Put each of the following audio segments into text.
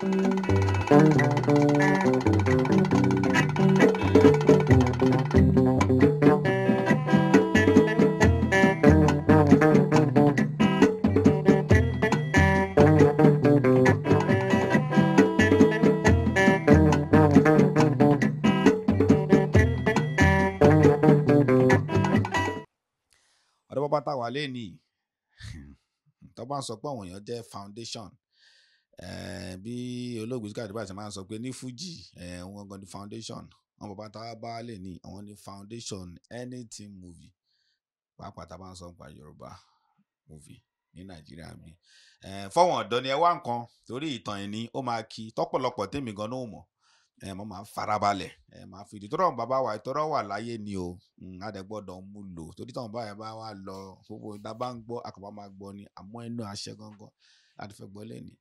ọ̀dọ́ pápá táwa lé ní hmm, tó bá ń sọ pé àwọn èèyàn jẹ́ foundation Eh, bí olóògbé Sika Àdìbà ṣe máa ń sọ pé ní Fuji eh, wọn gangan ni foundation wọn bàbá táwa bá lè ní àwọn ni foundation anything movie pàápàá tá a bá ń sọ nípa Yorùbá movie ní Nàìjíríà bí eh, fọwọn ọ̀dọ́ ni ẹ wá nǹkan torí ìtàn ẹ ní ó máa kí tọ̀pọ̀lọpọ̀ tèmi gan náà mọ̀ ẹ mọ máa farabalẹ̀ ẹ máa fi ìdítọrọ bàbá wa ìtọrọ wà láyé ni o hmm, adẹgbọdọ ń mú lò torí táwọn báyà bá wà lọ gbogbo ìta bá ń gbọ́ àkàbà máa gbọ́ ni àmọ́ ẹnu àṣẹ gangan láti fẹ́ gbọ́ lẹni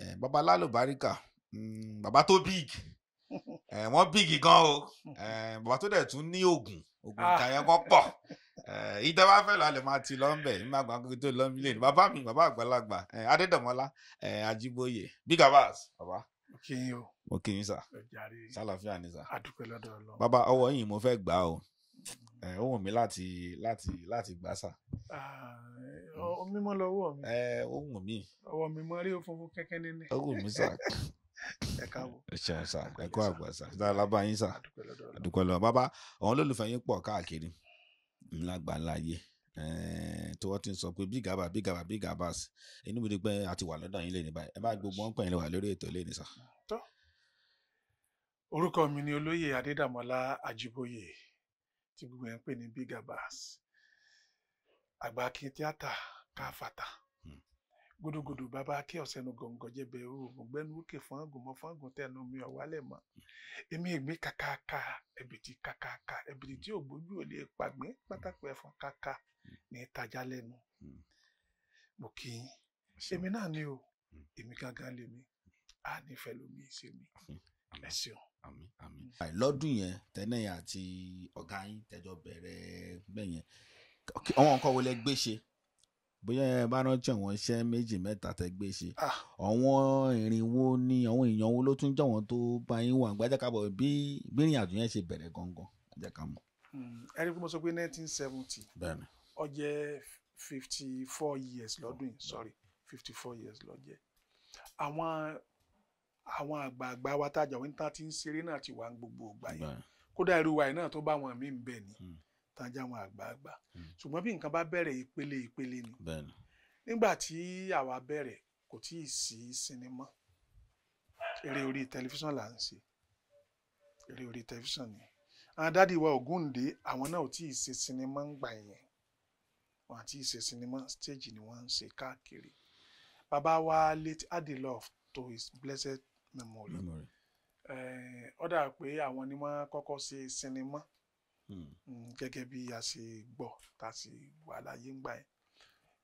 Eh, baba lálùbáríkà mm, baba tó big eh, wọ́n big gan o eh, baba tó dẹ̀ tún ní oògùn oògùn ah. ìtayẹ kan pọ̀ ìjọba fẹ́ lálẹ́ máa ti lọ ńbẹ̀ nígbà gbàgbé tó lọ nílé ni bàbá mi bàbá àgbàlagbà adédọ̀mọ́lá ajíbóyè big abas bàbá. mo kí yín o mo kí yín sà sálàáfíà ni sà bàbá ọwọ́ yìí mo fẹ́ gbà o ó wù mí láti láti láti gbàsà. mímọ́ lọ́wọ́ mi. ó wù mí. ọwọ́ mi mọ rí òfófó kẹ́kẹ́ nínú. ó wù mí sà. ẹ káàbọ̀. ẹ ṣeun sà ẹ kó àgbà sà ṣe alábà yín sà àdúgbò lọ bàbá àwọn olólùfẹ́ yín pọ̀ káàkiri ńlá gbà ńlá yé tí wọ́n ti ń sọ pé big abba big abba big abbas inú mi ni pé a ti wà lọ́dọ̀ yín lẹ́nu báyìí ẹ bá gbogbo wọn pẹ̀lú wà lórí ètò lẹ́nu sà. orúkọ mi ni olóyè adédàmọ́lá ajíbóyè tí gbogbo ẹ̀ ń pè ní big abas àgbà kí tíátà káfàtà hmm. gudugudu bàbá kí ọ̀sẹ̀ nu gọ̀ǹgọ̀ jẹ́bẹ̀ o gbẹ́nu òkè fọ́ngùn mọ́ fọ́ngùn tẹnu mi ọ̀wálẹ̀ mọ́ èmi ìgbé kàkàkà ẹ̀bìtì kàkàkà ẹ̀bìtì tí ògbójú ò lè pàgbé hmm. pátákó ẹ̀fọn kàkà hmm. ní ìtajà lẹ́nu mo kì í èmi náà ni o èmi gangan lèmi a nífẹ̀ẹ́ lómi ìṣe àmín àmín. lọ́dún yẹn tẹ́nẹ̀ yẹn àti ọ̀gá yín tẹ́jọ bẹ̀rẹ̀ bẹ́ẹ̀ yẹn àwọn nǹkan wo lẹ gbé ṣe bóyá ẹ bá rántí àwọn iṣẹ́ méjì mẹ́ta tẹ́ gbé ṣe ah. àwọn ìrìnwó ni àwọn èèyàn wo ló tún jẹ́ àwọn tó bá yín wà gbájá kábọ̀ bí gbìyànjú àjò yẹn ṣe bẹ̀rẹ̀ gangan ẹ̀jẹ̀ ká mọ̀. Hmm, ẹ rí i pé mo sọ pé nineteen seventy ó jẹ́ fifty four years lọ́dún yìí sorry fifty four years ló jẹ́ àwọn àwọn àgbààgbà wa tájà wọn tán ti ń ṣeré náà ti wà gbogbo ìgbà yẹn kódà irú wa yìí náà tó bá wọn mí ń bẹ ni hmm. tájà wọn àgbààgbà hmm. ṣùgbọ́n bí nǹkan bá bẹ̀rẹ̀ ìpele ìpele ni nígbà tí àwa bẹ̀rẹ̀ kò tí ì sí sinimá eré orí tẹlifíṣàn là ń ṣe eré orí tẹlifíṣàn ni àwọn dádì wa Ògúndé àwọn náà ò tí ì ṣe sinimá ń gbà yẹn wọn àti ṣe sinimá stage ni wọn ń ṣe káàkiri bàbá wa late Adelov to his blessed memory eh, ó dà pé àwọn ni wọ́n kọ́kọ́ ṣe sinimá hmm. Hmm, gẹ́gẹ́ bí a ṣe gbọ́ tá a sì wà láyé ńgbà yẹn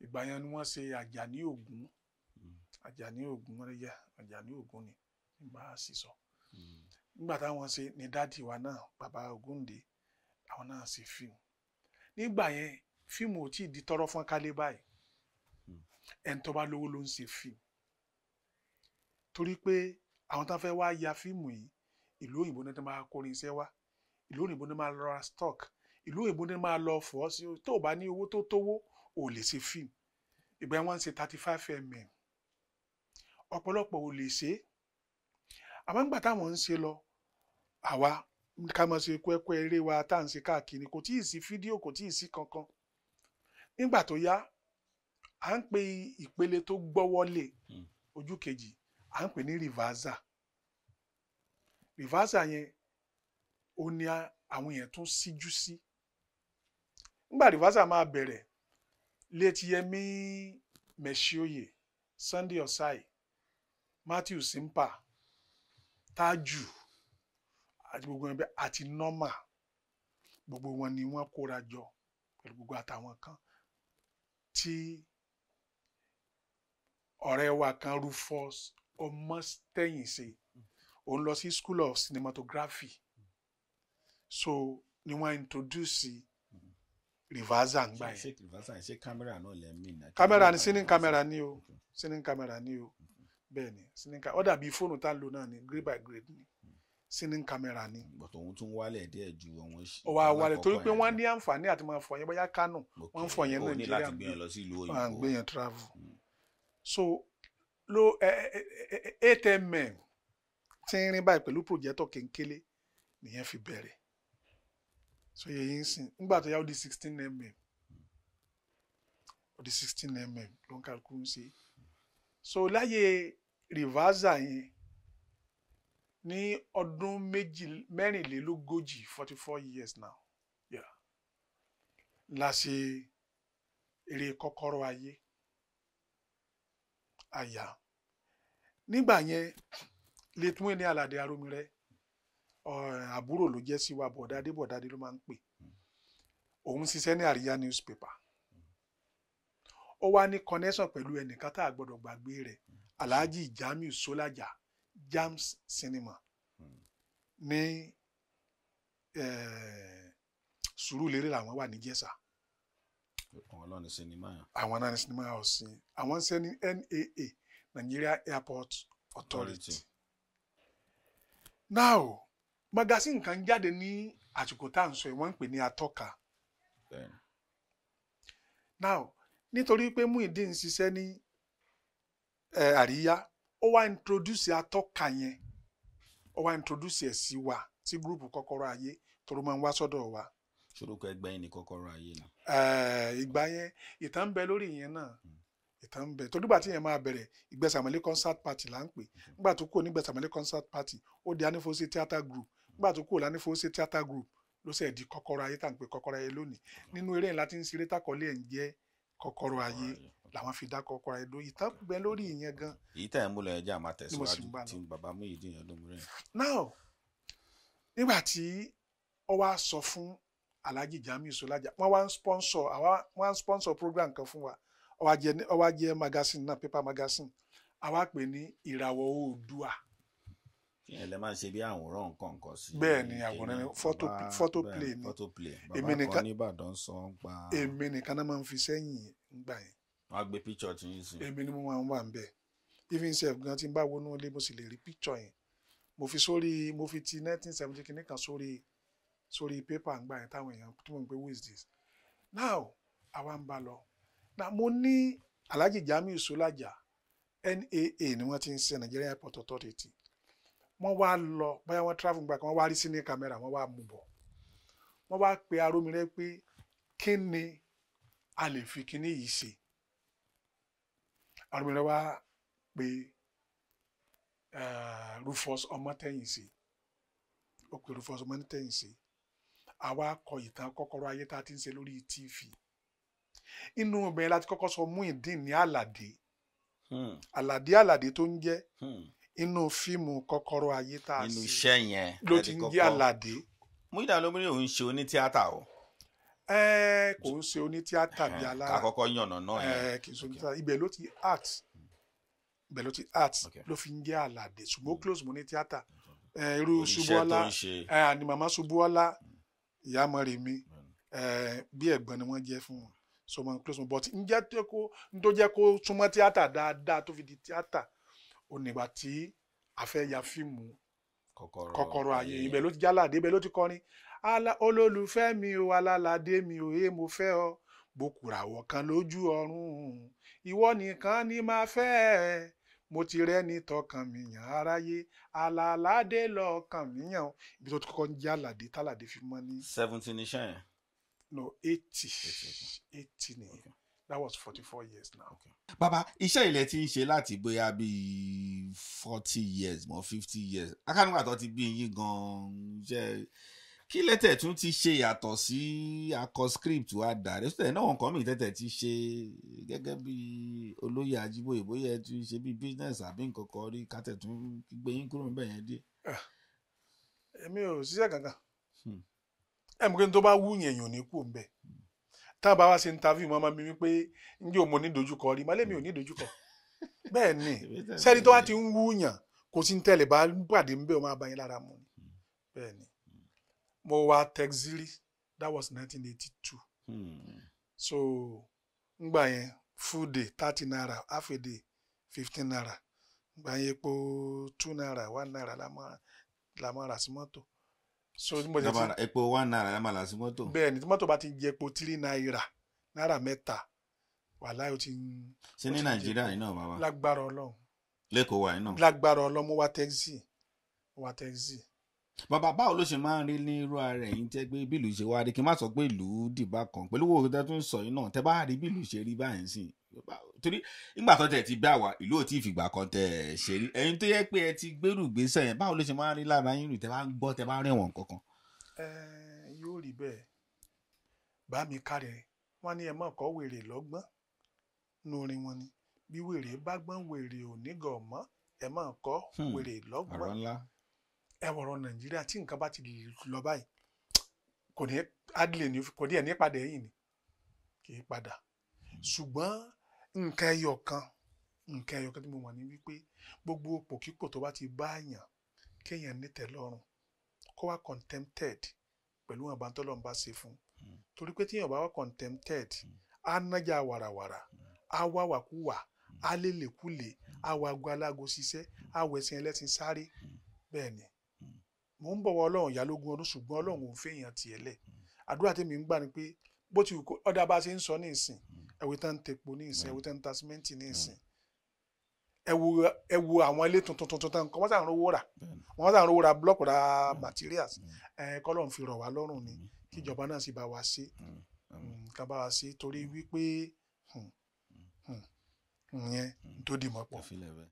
ìgbà yẹn ni wọ́n ṣe Àjàní Ògún hmm. Àjàní Ògún rẹ́yà Àjàní Ògún ni nígbà sísọ nígbà táwọn ṣe ni dáàdì wa náà bàbá Ògúndé àwọn náà ṣe fíìmù nígbà yẹn fíìmù ò tí ì di tọrọ fún kálé báyìí ẹni tó bá lówó ló ń ṣe fíìmù torí pé àwọn tó ń fẹ́ wá ya fíìmù yìí ìlú òyìnbó ní ti máa kórin iṣẹ́ wá ìlú òyìnbó ní máa lọ ra stock ìlú òyìnbó ní máa lọ fọ́ sí tó o bá ní owó tó tówó ò lè ṣe fíìmù ìgbà wọn ń ṣe thirty five mm ọ̀pọ̀lọpọ̀ ò lè ṣe àmọ́ nígbà táwọn ń ṣe lọ àwa ká máa ṣe kúẹ́kúẹ́ eré wa tá à ń ṣe káàkiri kò tí sí fídíò kò tí sí kankan nígbà tó yá à ń pe ìpele tó gbọ́wọ́lé hmm. ojú kejì à ń pè ní rìvásà rìvásà yẹn ó ní àwọn èèyàn tó síjú sí nígbà rìvásà máa bẹ̀rẹ̀ létíyẹmí mẹ̀ṣíòyè Sunday Ọ̀sáì Matthew Simpa Tájù àti gbogbo ẹgbẹ́ àti nọ́mà gbogbo wọn ni wọ́n kóra jọ pẹ̀lú gbogbo àtàwọn kan tí ọ̀rẹ́ wa kan Rufus Ọmọ́tẹ́yìn ṣe òun lọ sí school of cinematography so ni wọ́n introduce rìvásà ń gbà yẹn. ṣé kámẹ́rà náà lẹ́ mí náà. kámẹ́rà ni sinin kámẹ́rà ni o sinin kámẹ́rà ni o bẹ́ẹ̀ ni sinin kámẹ́rà ó dàbí fóònù tá a lò náà ni grade by grade ni sinin kámẹ́rà ni. bọ̀tọ̀ òun tún wálẹ̀ díẹ̀ ju àwọn. ọ̀wà àwàlẹ̀ torí pé wọ́n ní àǹfààní àti máa fọyín bóyá kánò wọ́n ń fọyín nàìjíríà gbé yẹn travel. Hmm. so lo eight eh, eh, eh, mm tí ń rin báyìí pẹ̀lú projector kéńkélé nìyẹn fi bẹ̀rẹ̀ so yẹ yín sìn nígbà tó yá ó di sixteen mm ó di sixteen mm ló ń kálukú ń ṣe so láyé rìvásà yẹn ní ọdún méjì mẹ́rìnlélógójì forty four years now yeah. la ṣe eré kọ́kọ́rọ́ ayé àyà nígbà yẹn Lẹ́túnwé ní Àlàdé Arómiré àbúrò ló jẹ́ sí wa bọ̀dádé bọ̀dádé ló máa ń pè òun ṣiṣẹ́ ní àríyá newspaper ó wá ní connection pẹ̀lú ẹnìkan tá a gbọ́dọ̀ gbàgbé rẹ̀ Alhaji Jamiu Solaja Jams Cinema ní Sùúrùlérè làwọn wà ní Jẹ̀ṣà àwọn náà ní sinimá house àwọn náà ní sinimá house àwọn ń ṣe ní NAA Nigeria Airport Authority. Now, magazine kan jáde ní àsìkò tá à ń sọ yìí wọ́n ń pè ní atọ́ka. Now, nítorí pé Muideen ń ṣiṣẹ́ ní àríyá, ó wá introduce atọ́ka yẹn, ó wá introduce ẹ̀ sí wa sí gúrùpù kọ́kọ́rọ́ ayé tó ló máa ń wá sọ́dọ̀ wa. Ṣòro kọ ẹgbẹ́ yẹn ní kọ́kọ́rọ́ ayé ni. Ìgbà yẹn ìtàn ń bẹ lórí yẹn náà. Hmm ìtàn bẹ torí gbà tí yẹn máa bẹ̀rẹ̀ ìgbẹ́sàmọ́lé concert party là ń pè nígbà tó kúrò ní ìgbẹ́sàmọ́lé concert party ó di anífowóṣe theatre group nígbà tó kúrò lánífowóṣe theatre group ló sẹ̀ di kọ́kọ́rọ́ ayé tá à ń pè kọ́kọ́rọ́ ayé lónìí nínú eré ńlá tí ń ṣeré tàkọ́lé ẹ̀ ń jẹ́ kọ́kọ́rọ́ ayé làwọn fi dá kọ́kọ́rọ́ ayé lórí ìtàn bẹ lórí ìyẹn gan. èyí tẹ̀ ń mú lọ ẹja máa tẹ̀síwájú tí now nígbà tí ó wá sọ fún Alhaji sponsor àwa sponsor program kan ó wá jẹ́ magazine náà paper magazine àwa pè ní ìràwọ̀ oòdùà. ìyẹn lè máa ṣe bí àwòrán nǹkan kan sí. bẹ́ẹ̀ ni àwòrán photo photo play ni photo play èmi nìkan bàbá kan nìbàdàn sọ ń pa. èmi nìkan náà máa ń fi sẹ́yìn gbà yẹn. wọ́n á gbé picture tí yín sí. èmi ni mo máa ń wà ń bẹ̀ even sef gan tí n bá wọnú ilé mo sì lè rí picture yẹn mo fi sórí mo fi ti nineteen seventy kìíní kan sórí sórí paper ń gbà yẹn táwọn èèyàn tó mọ̀ pé who is this now àwa ń bá lọ na mo ní Alhaji Jamiu Solaja NAA ni wọ́n ti ń ṣe Nigeria Airport Authority wọ́n wá lọ bóyá wọ́n travel gbà kan wọ́n wá rí sí ní kámẹ́rà wọ́n wá mú bọ̀ wọ́n wá pe arómirẹ́ pé kí ni a lè fi kíní yìí ṣe arómirẹ́ wá pe eh, Rufus Ọmọtẹ́yìn sí ó pe Rufus Ọmọtẹ́yìn sí àwa kọ ìtàn kọ́kọ́rọ́ ayé tá a ti ń ṣe lórí tíìfì inú obìnrin láti kọ́kọ́ sọ Muyideen ní àlàdé àlàdé hmm. àlàdé tó ń jẹ́ hmm. inú fíìmù kọ́kọ́rọ́ ayé tá a sí inú iṣẹ́ yẹn ló ti ń jẹ́ àlàdé. Muyideen olómìnira òun ṣe onítíátà o. ẹ kò ń ṣe onítíátà bí alára kakọkọ yànnà náà yẹn kì í ṣe onítíátà ibẹ̀ ló ti art ibẹ̀ ló ti art ló fi ń jẹ́ àlàdé ṣùgbọ́n hmm. close mo ní tíátà irú ṣubúọ́lá àní màmá ṣubúọ́lá ìyá mọ̀rẹ̀ mi bí ẹ̀gbọ́n ni wọ́n jẹ́ fún wọn sọmọ close mọ but ǹjẹ́ tó jẹ́ kó súnmọ́ tíátà dáadáa tó fi di tíátà ò nígbà tí a fẹ́ ya fíìmù kọ́kọ́rọ́ ayé ibẹ̀ ló ti jálàdé ibẹ̀ ló ti kọrin olólùfẹ́ mi o alálàdé mi o èé mo fẹ́ ọ bokùrà wọ̀ kan lójú ọ̀run ìwọ nìkan ni máa fẹ́ ẹ mo ti rẹ́ni tọkàn mi yàn aráyé alálàdé lọ́ọ̀kan mi yàn ibi tó ti kọ́kọ́ ń jálàdé tálàdé fi mọ́ ní. seventeen iṣẹ́ yẹn no eighty eighty nìyẹn okay. that was forty four years now. Baba, iṣẹ́ ilẹ̀ ti ń ṣe láti bóyá bíi forty years mọ́ fifty years akánúgbà tó ti bí yín gan-an ṣe kí lẹ́tẹ̀ tún ti ṣe yàtọ̀ sí akọ script wa dàrẹ́ sọ́tẹ̀ náà wọn kàn mí tẹ́tẹ̀ ti ṣe gẹ́gẹ́ bí olóyè Ajíbóyè bóyá ẹ ti ṣe bí business àbí nǹkan kan rí kátẹ̀ tún gbé yín kúrò níbẹ̀ yẹn dé. Ah, èmi ò ṣiṣẹ́ kankan. Hmm ẹ mọ̀ pé tó bá wúyàn èèyàn ní ńbẹ tá wá ṣe interview mọ́ máa mímí pé njẹ́ òun ò ní dojúkọ rí màá lèmi ò ní dojúkọ bẹ́ẹ̀ ni sẹ́ni tó wá ti ń wúyàn kò sí ń tẹ̀lé bá pàdé ńbẹ́ òun àbáyé lára mu ni bẹ́ẹ̀ ni mo wá Texiri that was nineteen eighty two. Hmm. so ngbà yẹn full day thirty naira half a day fifteen naira ngbà yẹn two naira one naira la máa ra sí mọ́tò so mo ti ti epo one naira ẹ máa là sí mọ́tò. bẹ́ẹ̀ni tí mọ́tò bá ti jẹ epo three naira náírà mẹ́ta wàhálà ó ti ń. ṣé ní nàìjíríà yìí náà bàbá. lágbára ọlọ́run. lẹkọọ wa yìí lágbára ọlọ́run mo wa tẹksì mo wa tẹksì. bàbá báwo ló ṣe máa ń rí ní irú ara ẹ̀yìn tẹ́ pé bí ìlú ṣe wá rí kí n má sọ pé ìlú dìbà kan pẹ̀lú wo tẹ́ tó sọ torí nígbà tó tẹ̀ ti bí àwa ìlú ò tí ì fìgbà kan tẹ̀ ṣe rí ẹ̀yin tó yẹ pé ẹ ti gbérù gbèsè yẹn báwo ló ṣe máa rí lára yín rù tẹ́ bá ń gbọ́ tẹ́ bá ń rẹ̀wọ̀n kankan. ẹ yóò rí bẹ́ẹ̀ bá mi kárẹ wọn ní ẹ mọ ọkọ wèrè lọ́gbọ́n norin wọn ni bí wèrè bá gbọ́n wèrè ò nígà ọmọ ẹ mọ ọkọ hmm. wèrè lọ́gbọ́n ẹ wọ̀rọ̀ nàìjíríà tí nǹkan bá ti lọ báyìí kò ní adìlẹ̀ ní kò ní ẹ̀ ní padà ẹ̀yìn ni kì í padà ṣùgbọ́n nǹkan ẹyọ kan nǹkan ẹyọ kan tí mo mọ̀ ní wípé gbogbo òpòkípò tó bá ti bá àyàn kéèyàn nítẹ̀lọ́rùn kó wá contempted pẹ̀lú àwọn àbántọ́lọ́ ń bá ṣe fún hmm. torí pé téèyàn bá wá contempted hmm. á nájà wàràwàrà hmm. á wá wàkúwà á lélẹ̀kúlè á wá ago alágo ṣiṣẹ́ á wẹ̀sìn ẹlẹ́sìn sáré bẹ́ẹ̀ ni mò ń bọ̀wọ̀ ọlọ́run ìyálógún ọdún ṣùgbọ́n ọlọ́run ò fẹ́yàn tiẹ̀ lẹ̀ àdúrà tèmi ń gbà ni pé bó ti wù kó ọ̀dà bá ṣe ń sọ ní ìsìn ẹwù tán tepo ní ìsìn hmm. ẹwù tán ta símẹ́ǹtì ní hmm. ìsìn ẹwù ẹwù àwọn ilé tuntun tuntun tán kọ́ wọ́n sàn rówó rà wọ́n sàn rówó rà blọ́ọ̀kù ra hmm. materials kọ́lọ̀ ń fi rọ̀ wá lọ́rùn ni kíjọba náà sì bá wa ṣe ká bá wa ṣe torí wípé ìyẹn tó dì mọ́ pọ̀.